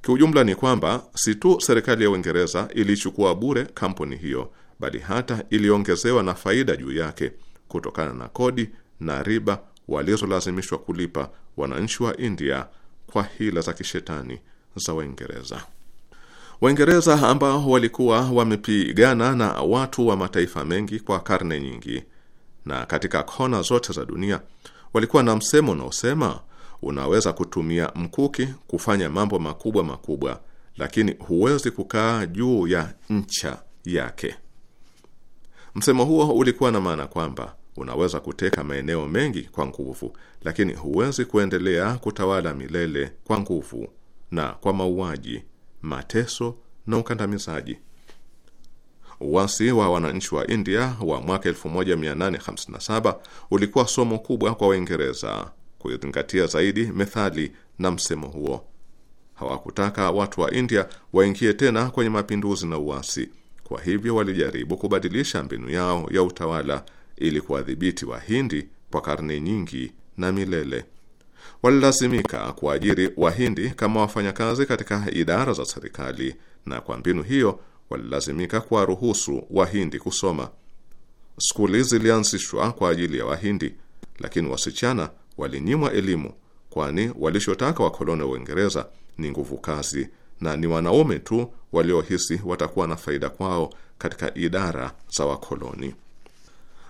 Kiujumla ni kwamba si tu serikali ya Uingereza ilichukua bure kampuni hiyo, bali hata iliongezewa na faida juu yake kutokana na kodi na riba walizolazimishwa kulipa wananchi wa India kwa hila za kishetani za Waingereza. Waingereza ambao walikuwa wamepigana na watu wa mataifa mengi kwa karne nyingi na katika kona zote za dunia walikuwa na msemo unaosema unaweza kutumia mkuki kufanya mambo makubwa makubwa, lakini huwezi kukaa juu ya ncha yake. Msemo huo ulikuwa na maana kwamba unaweza kuteka maeneo mengi kwa nguvu, lakini huwezi kuendelea kutawala milele kwa nguvu na kwa mauaji, mateso na ukandamizaji. Uwasi wa wananchi wa India wa mwaka 1857 ulikuwa somo kubwa kwa Waingereza kuzingatia zaidi methali na msemo huo. Hawakutaka watu wa India waingie tena kwenye mapinduzi na uasi. Kwa hivyo walijaribu kubadilisha mbinu yao ya utawala ili kuwadhibiti Wahindi kwa karne nyingi na milele. Walilazimika kuajiri Wahindi kama wafanyakazi katika idara za serikali, na kwa mbinu hiyo walilazimika kuwaruhusu Wahindi kusoma. Skuli zilianzishwa kwa ajili ya Wahindi, lakini wasichana walinyimwa elimu, kwani walishotaka wakoloni wa Uingereza ni nguvu kazi na ni wanaume tu waliohisi watakuwa na faida kwao katika idara za wakoloni.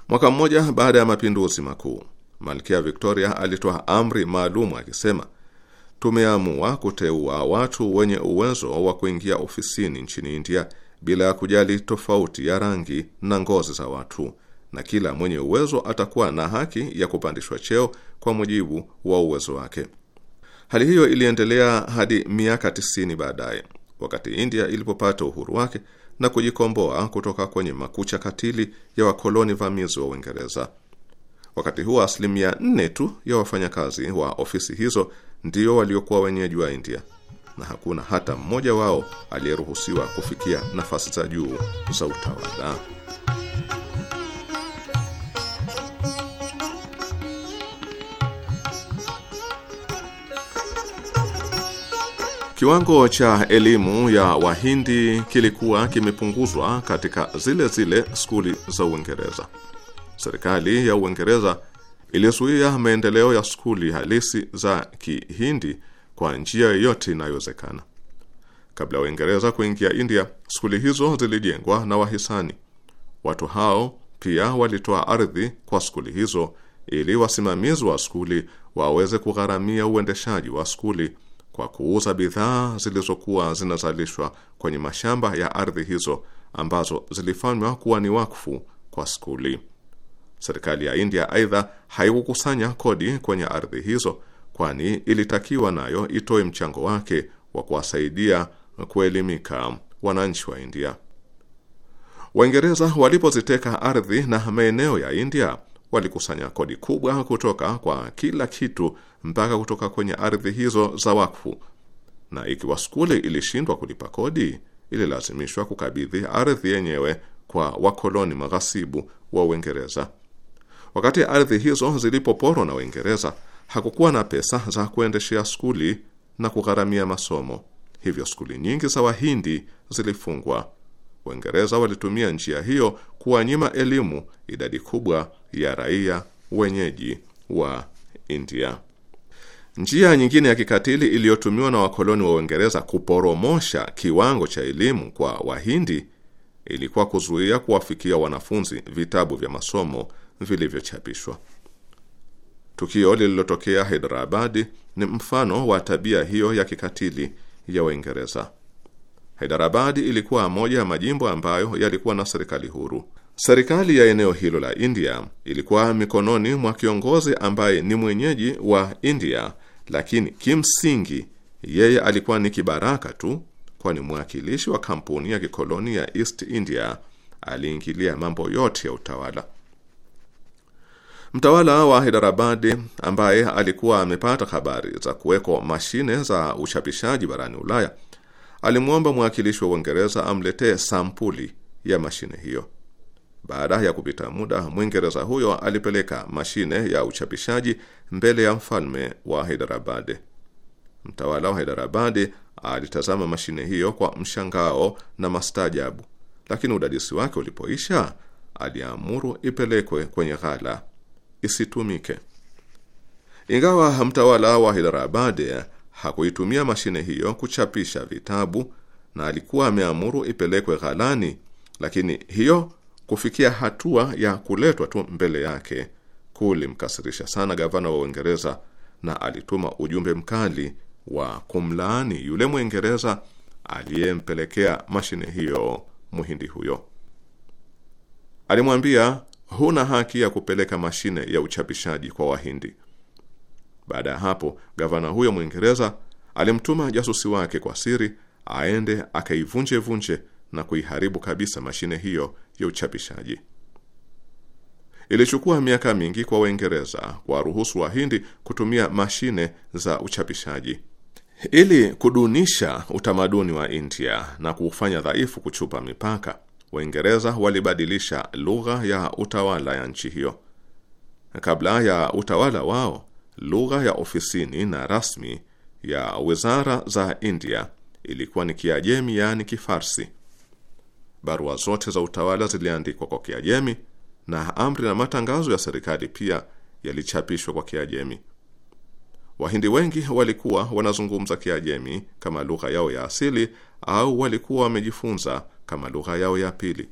Mwaka mmoja baada ya mapinduzi makuu, Malkia Victoria alitoa amri maalumu akisema, tumeamua kuteua watu wenye uwezo wa kuingia ofisini nchini India bila ya kujali tofauti ya rangi na ngozi za watu, na kila mwenye uwezo atakuwa na haki ya kupandishwa cheo kwa mujibu wa uwezo wake. Hali hiyo iliendelea hadi miaka 90 baadaye, wakati India ilipopata uhuru wake na kujikomboa kutoka kwenye makucha katili ya wakoloni vamizi wa Uingereza. Wakati huo asilimia nne tu ya wafanyakazi wa ofisi hizo ndio waliokuwa wenyeji wa India na hakuna hata mmoja wao aliyeruhusiwa kufikia nafasi za juu za utawala. Kiwango cha elimu ya Wahindi kilikuwa kimepunguzwa katika zile zile skuli za Uingereza. Serikali ya Uingereza ilizuia maendeleo ya skuli halisi za Kihindi kwa njia yoyote inayowezekana. Kabla ya Uingereza kuingia India, skuli hizo zilijengwa na wahisani. Watu hao pia walitoa ardhi kwa skuli hizo ili wasimamizi wa skuli waweze kugharamia uendeshaji wa skuli kwa kuuza bidhaa zilizokuwa zinazalishwa kwenye mashamba ya ardhi hizo ambazo zilifanywa kuwa ni wakfu kwa skuli. Serikali ya India aidha haikukusanya kodi kwenye ardhi hizo kwani ilitakiwa nayo itoe mchango wake wa kuwasaidia kuelimika wananchi wa India. Waingereza walipoziteka ardhi na maeneo ya India walikusanya kodi kubwa kutoka kwa kila kitu mpaka kutoka kwenye ardhi hizo za wakfu, na ikiwa skuli ilishindwa kulipa kodi, ililazimishwa kukabidhi ardhi yenyewe kwa wakoloni maghasibu wa Uingereza. Wakati ardhi hizo zilipoporwa na Uingereza, hakukuwa na pesa za kuendeshea skuli na kugharamia masomo, hivyo skuli nyingi za Wahindi zilifungwa. Waingereza walitumia njia hiyo kuwanyima elimu idadi kubwa ya raia wenyeji wa India. Njia nyingine ya kikatili iliyotumiwa na wakoloni wa Uingereza kuporomosha kiwango cha elimu kwa Wahindi ilikuwa kuzuia kuwafikia wanafunzi vitabu vya masomo vilivyochapishwa. Tukio lililotokea Hyderabadi ni mfano wa tabia hiyo ya kikatili ya Waingereza. Hyderabadi ilikuwa moja ya majimbo ambayo yalikuwa na serikali huru. Serikali ya eneo hilo la India ilikuwa mikononi mwa kiongozi ambaye ni mwenyeji wa India, lakini kimsingi yeye alikuwa ni kibaraka tu, kwani mwakilishi wa kampuni ya kikoloni ya East India aliingilia mambo yote ya utawala. Mtawala wa hidarabadi ambaye alikuwa amepata habari za kuwekwa mashine za uchapishaji barani Ulaya alimwomba mwakilishi wa Uingereza amletee sampuli ya mashine hiyo. Baada ya kupita muda, Mwingereza huyo alipeleka mashine ya uchapishaji mbele ya mfalme wa hidarabadi Mtawala wa Hyderabad alitazama mashine hiyo kwa mshangao na mastaajabu, lakini udadisi wake ulipoisha, aliamuru ipelekwe kwenye ghala isitumike. Ingawa mtawala wa Hyderabad hakuitumia mashine hiyo kuchapisha vitabu na alikuwa ameamuru ipelekwe ghalani, lakini hiyo kufikia hatua ya kuletwa tu mbele yake kulimkasirisha sana gavana wa Uingereza, na alituma ujumbe mkali wa kumlaani yule Mwingereza aliyempelekea mashine hiyo Muhindi huyo. Alimwambia huna haki ya kupeleka mashine ya uchapishaji kwa Wahindi. Baada ya hapo, gavana huyo Mwingereza alimtuma jasusi wake kwa siri aende akaivunje vunje na kuiharibu kabisa mashine hiyo ya uchapishaji. Ilichukua miaka mingi kwa Waingereza kuwaruhusu Wahindi kutumia mashine za uchapishaji ili kudunisha utamaduni wa India na kuufanya dhaifu kuchupa mipaka. Waingereza walibadilisha lugha ya utawala ya nchi hiyo. Kabla ya utawala wao, lugha ya ofisini na rasmi ya wizara za India ilikuwa ni Kiajemi, yaani Kifarsi. Barua zote za utawala ziliandikwa kwa Kiajemi na amri na matangazo ya serikali pia yalichapishwa kwa Kiajemi. Wahindi wengi walikuwa wanazungumza Kiajemi kama lugha yao ya asili au walikuwa wamejifunza kama lugha yao ya pili.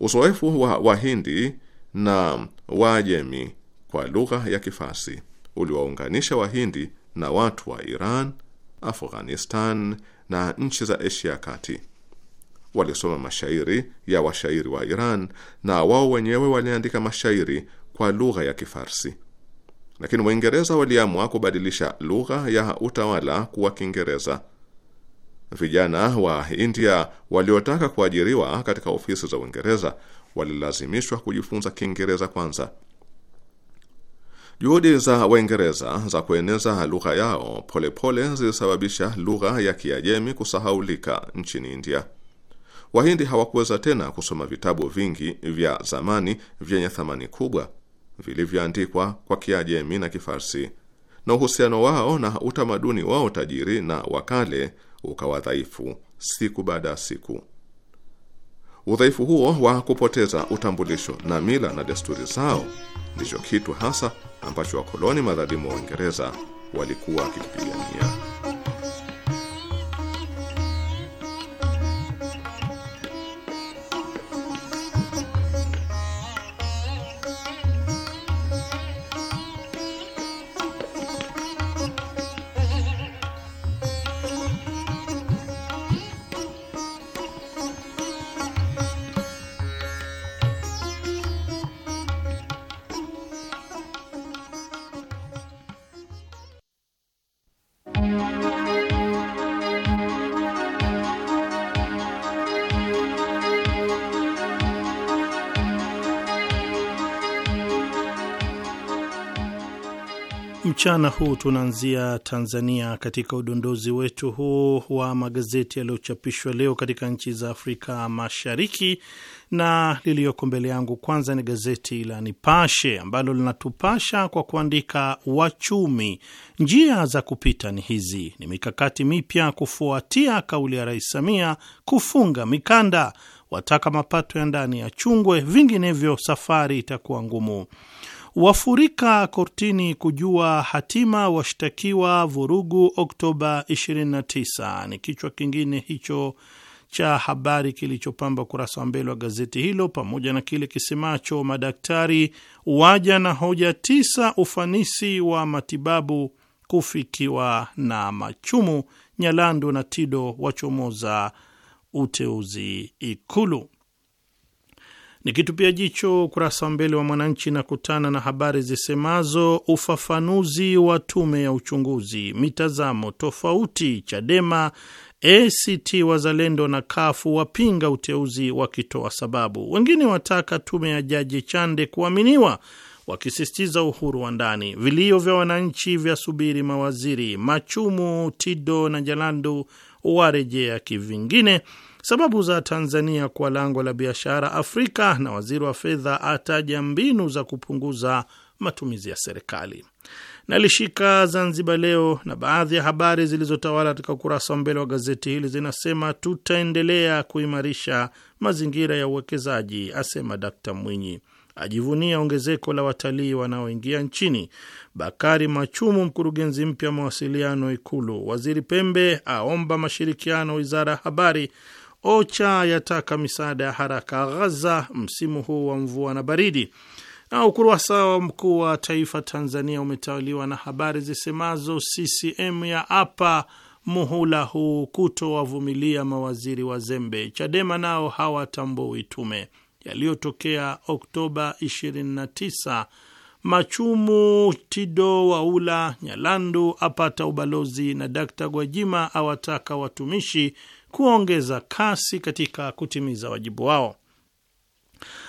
Uzoefu wa Wahindi na Waajemi kwa lugha ya Kifasi uliwaunganisha Wahindi na watu wa Iran, Afghanistan na nchi za Asia ya Kati. Walisoma mashairi ya washairi wa Iran na wao wenyewe waliandika mashairi kwa lugha ya Kifarsi. Lakini Waingereza waliamua kubadilisha lugha ya utawala kuwa Kiingereza Vijana wa India waliotaka kuajiriwa katika ofisi za Uingereza walilazimishwa kujifunza Kiingereza kwanza. Juhudi za Waingereza za kueneza lugha yao polepole zilisababisha lugha ya Kiajemi kusahaulika nchini India. Wahindi hawakuweza tena kusoma vitabu vingi vya zamani vyenye thamani kubwa vilivyoandikwa kwa Kiajemi na Kifarsi, na uhusiano wao na utamaduni wao tajiri na wakale ukawa dhaifu siku baada ya siku. Udhaifu huo wa kupoteza utambulisho na mila na desturi zao ndicho kitu hasa ambacho wakoloni madhalimu wa Uingereza walikuwa wakikipigania. Mchana huu tunaanzia Tanzania katika udondozi wetu huu wa magazeti yaliyochapishwa leo katika nchi za Afrika Mashariki, na liliyoko mbele yangu kwanza ni gazeti la Nipashe ambalo linatupasha kwa kuandika, wachumi njia za kupita ni hizi, ni mikakati mipya kufuatia kauli ya Rais Samia kufunga mikanda, wataka mapato ya ndani ya chungwe, vinginevyo safari itakuwa ngumu wafurika kortini kujua hatima washtakiwa vurugu Oktoba 29 ni kichwa kingine hicho cha habari kilichopamba ukurasa wa mbele wa gazeti hilo, pamoja na kile kisemacho madaktari waja na hoja tisa, ufanisi wa matibabu kufikiwa na machumu, Nyalandu na Tido wachomoza uteuzi Ikulu. Nikitupia jicho ukurasa wa mbele wa Mwananchi na kutana na habari zisemazo ufafanuzi wa tume ya uchunguzi, mitazamo tofauti, Chadema, ACT Wazalendo na Kafu wapinga uteuzi wakitoa wa sababu, wengine wataka tume ya Jaji Chande kuaminiwa wakisisitiza uhuru wa ndani. Vilio vya wananchi vya subiri mawaziri. Machumu, Tido na Jalandu warejea kivingine sababu za Tanzania kwa lango la biashara Afrika, na waziri wa fedha ataja mbinu za kupunguza matumizi ya serikali. Nalishika Zanzibar Leo, na baadhi ya habari zilizotawala katika ukurasa wa mbele wa gazeti hili zinasema tutaendelea kuimarisha mazingira ya uwekezaji, asema Dkt Mwinyi, ajivunia ongezeko la watalii wanaoingia nchini. Bakari Machumu, mkurugenzi mpya mawasiliano Ikulu. Waziri Pembe aomba mashirikiano wizara ya habari. OCHA yataka misaada ya haraka Ghaza msimu huu wa mvua na baridi. Na ukurasa wa mkuu wa taifa Tanzania umetawaliwa na habari zisemazo CCM ya apa muhula huu kutowavumilia mawaziri wa zembe Chadema nao hawatambui tume. Yaliyotokea Oktoba 29 Machumu Tido Waula Nyalandu apata ubalozi, na Dkt Gwajima awataka watumishi kuongeza kasi katika kutimiza wajibu wao.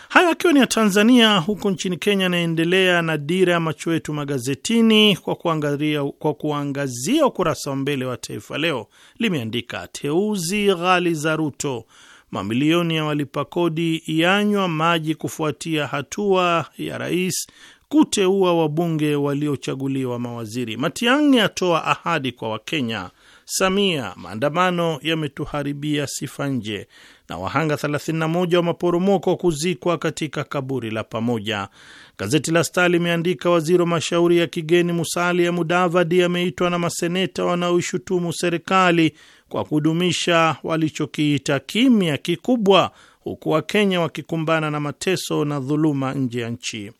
Hayo akiwa ni ya Tanzania. Huko nchini Kenya, anaendelea na dira ya macho yetu magazetini kwa kuangazia, kwa kuangazia ukurasa wa mbele wa Taifa Leo. Limeandika teuzi ghali za Ruto, mamilioni ya walipa kodi yanywa maji kufuatia hatua ya rais kuteua wabunge waliochaguliwa mawaziri. Matiang'i atoa ahadi kwa Wakenya. Samia, maandamano yametuharibia sifa nje, na wahanga 31 wa maporomoko kuzikwa katika kaburi la pamoja. Gazeti la Star limeandika waziri wa mashauri ya kigeni Musalia Mudavadi ameitwa na maseneta wanaoishutumu serikali kwa kudumisha walichokiita kimya kikubwa, huku Wakenya wakikumbana na mateso na dhuluma nje ya nchi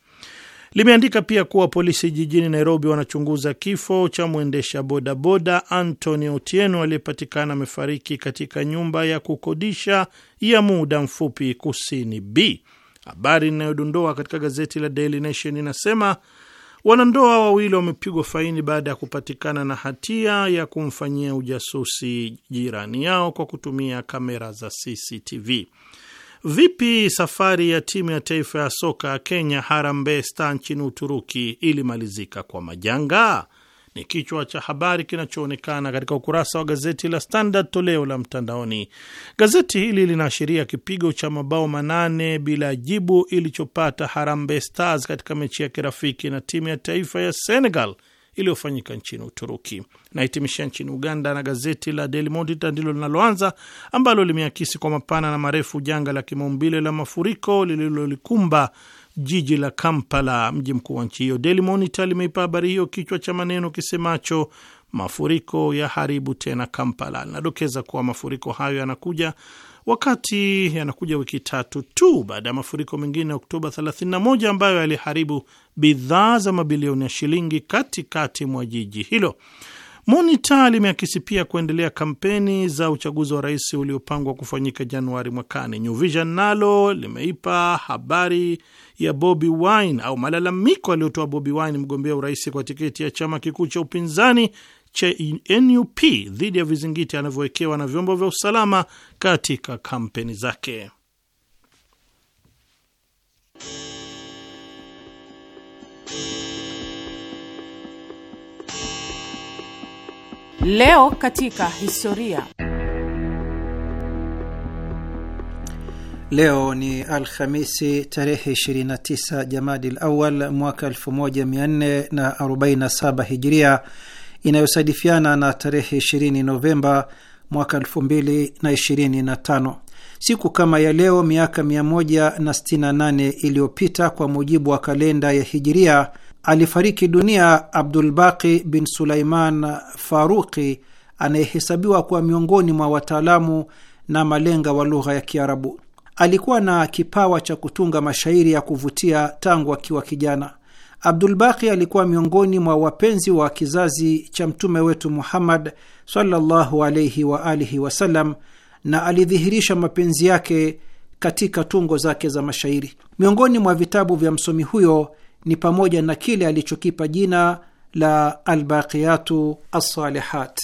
limeandika pia kuwa polisi jijini Nairobi wanachunguza kifo cha mwendesha bodaboda antony Otieno aliyepatikana amefariki katika nyumba ya kukodisha ya muda mfupi Kusini B. Habari inayodondoa katika gazeti la Daily Nation inasema wanandoa wawili wamepigwa faini baada ya kupatikana na hatia ya kumfanyia ujasusi jirani yao kwa kutumia kamera za CCTV. Vipi safari ya timu ya taifa ya soka ya Kenya, Harambee Star, nchini Uturuki ilimalizika kwa majanga? Ni kichwa cha habari kinachoonekana katika ukurasa wa gazeti la Standard toleo la mtandaoni. Gazeti hili linaashiria kipigo cha mabao manane bila jibu ilichopata Harambee Stars katika mechi ya kirafiki na timu ya taifa ya Senegal iliyofanyika nchini Uturuki. Nahitimishia nchini Uganda, na gazeti la Daily Monitor ndilo linaloanza ambalo limeakisi kwa mapana na marefu janga la kimaumbile la mafuriko lililolikumba jiji la Kampala, mji mkuu wa nchi hiyo. Daily Monitor limeipa habari hiyo kichwa cha maneno kisemacho mafuriko ya haribu tena Kampala. Linadokeza kuwa mafuriko hayo yanakuja wakati yanakuja wiki tatu tu baada ya mafuriko mengine ya Oktoba 31 ambayo yaliharibu bidhaa za mabilioni ya shilingi katikati mwa jiji hilo. Monita limeakisi pia kuendelea kampeni za uchaguzi wa rais uliopangwa kufanyika Januari mwakani. New Vision nalo limeipa habari ya Bobi Wine au malalamiko aliyotoa Bobi Wine, mgombea urais kwa tiketi ya chama kikuu cha upinzani cha NUP dhidi ya vizingiti anavyowekewa na vyombo vya usalama katika kampeni zake. Leo katika historia. Leo ni Alhamisi tarehe 29 Jamadil Awal mwaka 1447 Hijiria, inayosadifiana na tarehe 20 Novemba mwaka 2025. Siku kama ya leo miaka 168 iliyopita kwa mujibu wa kalenda ya Hijiria alifariki dunia Abdulbaqi bin Sulaiman Faruqi anayehesabiwa kuwa miongoni mwa wataalamu na malenga wa lugha ya Kiarabu. Alikuwa na kipawa cha kutunga mashairi ya kuvutia tangu akiwa kijana. Abdulbaqi alikuwa miongoni mwa wapenzi wa kizazi cha mtume wetu Muhammad sallallahu alaihi wasallam na alidhihirisha mapenzi yake katika tungo zake za mashairi. Miongoni mwa vitabu vya msomi huyo ni pamoja na kile alichokipa jina la Albaqiyatu Assalihat.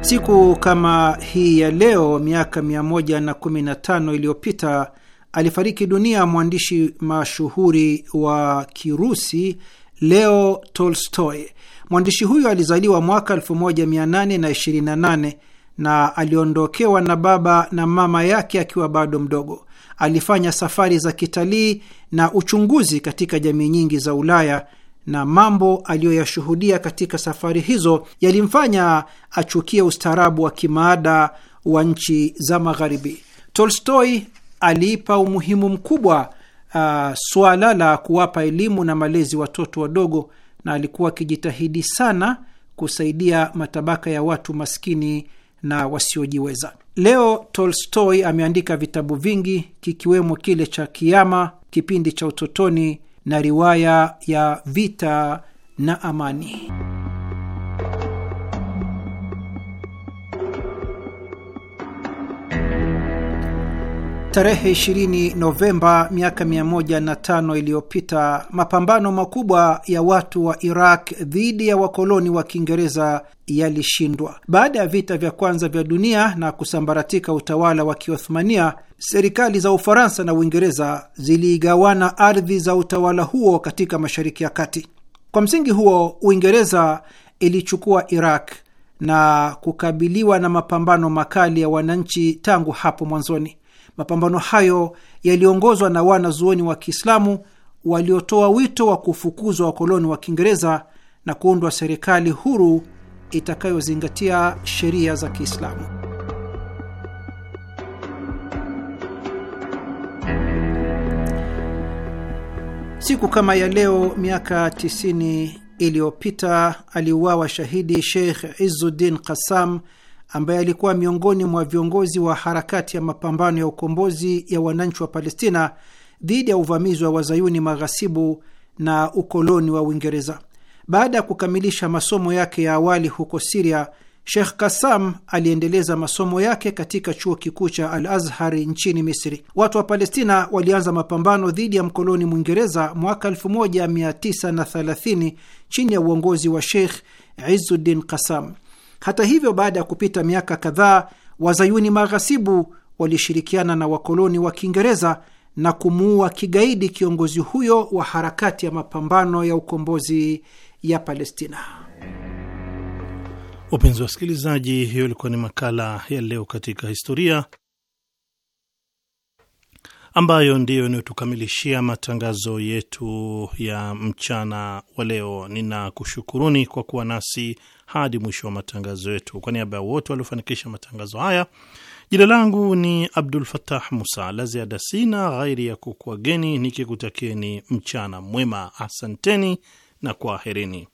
Siku kama hii ya leo miaka 115 iliyopita alifariki dunia mwandishi mashuhuri wa Kirusi Leo Tolstoy. Mwandishi huyo alizaliwa mwaka 1828 na aliondokewa na baba na mama yake akiwa bado mdogo. Alifanya safari za kitalii na uchunguzi katika jamii nyingi za Ulaya na mambo aliyoyashuhudia katika safari hizo yalimfanya achukie ustaarabu wa kimaada wa nchi za Magharibi. Tolstoy aliipa umuhimu mkubwa uh, suala la kuwapa elimu na malezi watoto wadogo, na alikuwa akijitahidi sana kusaidia matabaka ya watu maskini na wasiojiweza. Leo Tolstoy ameandika vitabu vingi kikiwemo kile cha Kiama, Kipindi cha Utotoni na riwaya ya Vita na Amani. Tarehe 20 Novemba miaka 105 iliyopita, mapambano makubwa ya watu wa Iraq dhidi ya wakoloni wa Kiingereza yalishindwa. Baada ya vita vya kwanza vya dunia na kusambaratika utawala wa Kiothmania, serikali za Ufaransa na Uingereza ziliigawana ardhi za utawala huo katika Mashariki ya Kati. Kwa msingi huo, Uingereza ilichukua Iraq na kukabiliwa na mapambano makali ya wananchi tangu hapo mwanzoni. Mapambano hayo yaliongozwa na wanazuoni wa Kiislamu waliotoa wito wa kufukuzwa wakoloni wa Kiingereza na kuundwa serikali huru itakayozingatia sheria za Kiislamu. Siku kama ya leo miaka 90 iliyopita aliuawa shahidi Sheikh Izzuddin Qassam ambaye alikuwa miongoni mwa viongozi wa harakati ya mapambano ya ukombozi ya wananchi wa Palestina dhidi ya uvamizi wa wazayuni maghasibu na ukoloni wa Uingereza. Baada ya kukamilisha masomo yake ya awali huko Siria, Sheikh Kasam aliendeleza masomo yake katika chuo kikuu cha Al Azhari nchini Misri. Watu wa Palestina walianza mapambano dhidi ya mkoloni Mwingereza mwaka 1930 chini ya uongozi wa Sheikh Izuddin Kasam. Hata hivyo, baada ya kupita miaka kadhaa, wazayuni maghasibu walishirikiana na wakoloni wa Kiingereza na kumuua kigaidi kiongozi huyo wa harakati ya mapambano ya ukombozi ya Palestina. Wapenzi wa wasikilizaji, hiyo ilikuwa ni makala ya leo katika historia ambayo ndiyo inayotukamilishia matangazo yetu ya mchana wa leo. Ninakushukuruni kwa kuwa nasi hadi mwisho wa matangazo yetu. Kwa niaba ya wote waliofanikisha matangazo haya, jina langu ni Abdul Fatah Musa. La ziada sina ghairi ya kukuageni nikikutakieni mchana mwema. Asanteni na kwaherini.